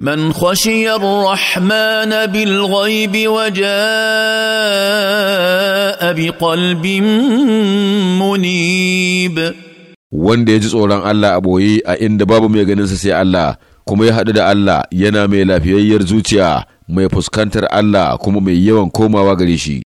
من خشي الرحمن بالغيب وجاء بقلب منيب wanda ya ji tsoron Allah a ɓoye a inda babu mai ganinsa sai Allah kuma ya haɗu da Allah yana mai lafiyayyar zuciya mai fuskantar Allah kuma mai yawan komawa gare shi